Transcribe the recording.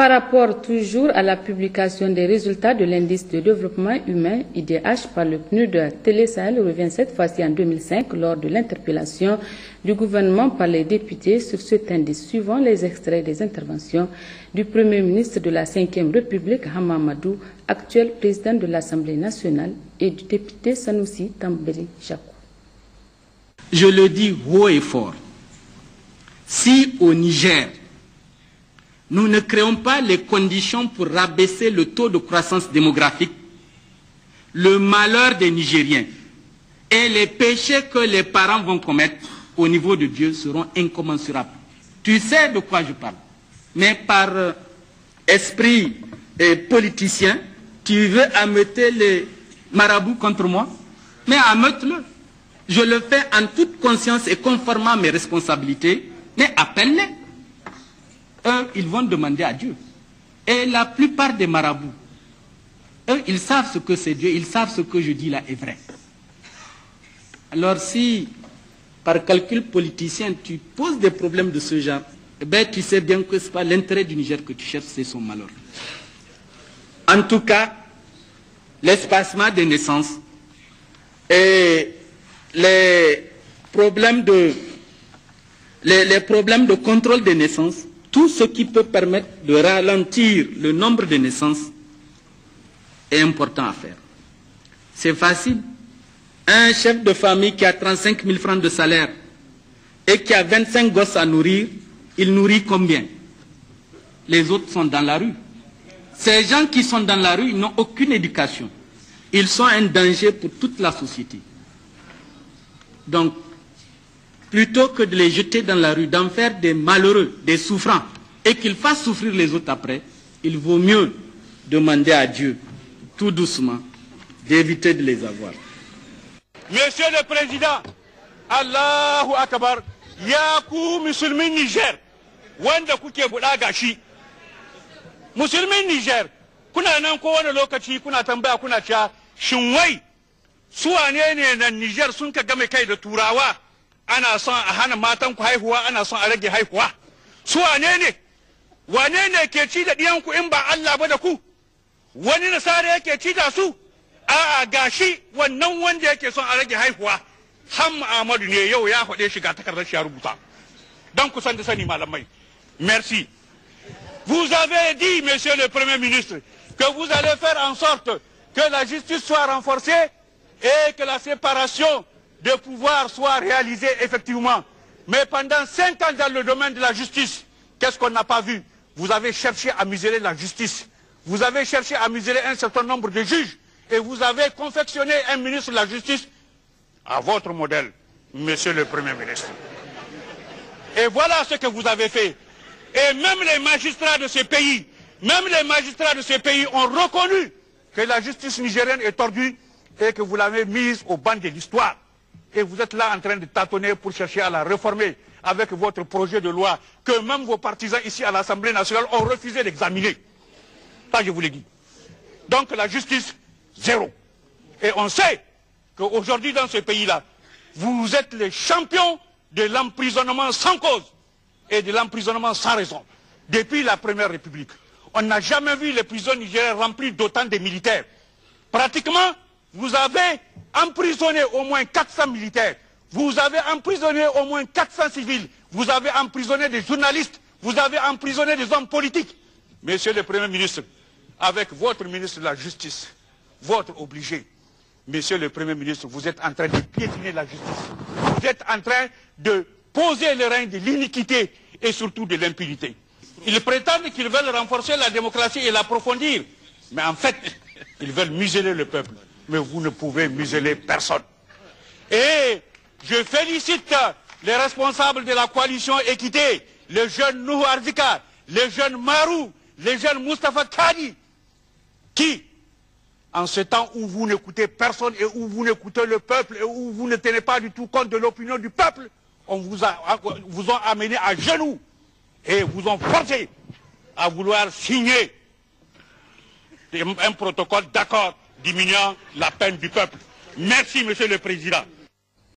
Par rapport toujours à la publication des résultats de l'indice de développement humain IDH par le PNUD, Télé-Sahel revient cette fois-ci en 2005 lors de l'interpellation du gouvernement par les députés sur cet indice, suivant les extraits des interventions du Premier ministre de la Ve République, Hamamadou, actuel président de l'Assemblée nationale, et du député Sanoussi tambéry Chakou. Je le dis haut et fort, si au Niger, nous ne créons pas les conditions pour rabaisser le taux de croissance démographique, le malheur des Nigériens et les péchés que les parents vont commettre au niveau de Dieu seront incommensurables. Tu sais de quoi je parle. Mais par euh, esprit et politicien, tu veux ameuter les marabouts contre moi Mais ameute-le. Je le fais en toute conscience et conformément à mes responsabilités, mais appelle le ils vont demander à Dieu. Et la plupart des marabouts, eux, ils savent ce que c'est Dieu, ils savent ce que je dis là est vrai. Alors si, par calcul politicien, tu poses des problèmes de ce genre, eh ben, tu sais bien que ce n'est pas l'intérêt du Niger que tu cherches, c'est son malheur. En tout cas, l'espacement des naissances et les problèmes de, les problèmes de contrôle des naissances tout ce qui peut permettre de ralentir le nombre de naissances est important à faire. C'est facile. Un chef de famille qui a 35 000 francs de salaire et qui a 25 gosses à nourrir, il nourrit combien Les autres sont dans la rue. Ces gens qui sont dans la rue, n'ont aucune éducation. Ils sont un danger pour toute la société. Donc, plutôt que de les jeter dans la rue, d'en faire des malheureux, des souffrants, et qu'ils fassent souffrir les autres après, il vaut mieux demander à Dieu, tout doucement, d'éviter de les avoir. Monsieur le Président, Allahu Akbar, Yaku musulmane Niger, wanda Kouké buɗa gashi, Niger, kuna Nanko, Wana lokaci kuna Tamba, kuna Tcha, shin wai Niger Sunka Gamekai de turawa ana son a hana matan ku haihuwa ana son a rage haihuwa su wane ne wane ne ke ci da ku in ba Allah ba da ku wani nasara yake ci da su a'a gashi wannan wanda yake son a rage haihuwa ham Ahmadu ne yau ya faɗe shi ga takardar shi ya rubuta ku san da sani malamai merci vous avez dit monsieur le premier ministre que vous allez faire en sorte que la justice soit renforcée et que la séparation de pouvoir soit réalisé effectivement. Mais pendant cinq ans dans le domaine de la justice, qu'est-ce qu'on n'a pas vu Vous avez cherché à museler la justice. Vous avez cherché à museler un certain nombre de juges. Et vous avez confectionné un ministre de la justice à votre modèle, monsieur le Premier ministre. Et voilà ce que vous avez fait. Et même les magistrats de ce pays, même les magistrats de ces pays ont reconnu que la justice nigérienne est tordue et que vous l'avez mise au banc de l'histoire et vous êtes là en train de tâtonner pour chercher à la réformer avec votre projet de loi que même vos partisans ici à l'Assemblée nationale ont refusé d'examiner. Ça, je vous l'ai dit. Donc la justice, zéro. Et on sait qu'aujourd'hui dans ce pays-là, vous êtes les champions de l'emprisonnement sans cause et de l'emprisonnement sans raison. Depuis la Première République, on n'a jamais vu les prisons nigériennes remplies d'autant de militaires. Pratiquement, vous avez emprisonné au moins 400 militaires, vous avez emprisonné au moins 400 civils, vous avez emprisonné des journalistes, vous avez emprisonné des hommes politiques. Monsieur le Premier ministre, avec votre ministre de la Justice, votre obligé, Monsieur le Premier ministre, vous êtes en train de piétiner la justice. Vous êtes en train de poser le règne de l'iniquité et surtout de l'impunité. Ils prétendent qu'ils veulent renforcer la démocratie et l'approfondir, mais en fait, ils veulent museler le peuple mais vous ne pouvez museler personne. Et je félicite les responsables de la coalition Équité, le jeune Nouhou les le jeune Marou, le jeune Mustafa Kadi, qui, en ce temps où vous n'écoutez personne et où vous n'écoutez le peuple et où vous ne tenez pas du tout compte de l'opinion du peuple, on vous vous ont amené à genoux et vous ont forcé à vouloir signer un protocole d'accord diminuant la peine du peuple. Merci, Monsieur le Président.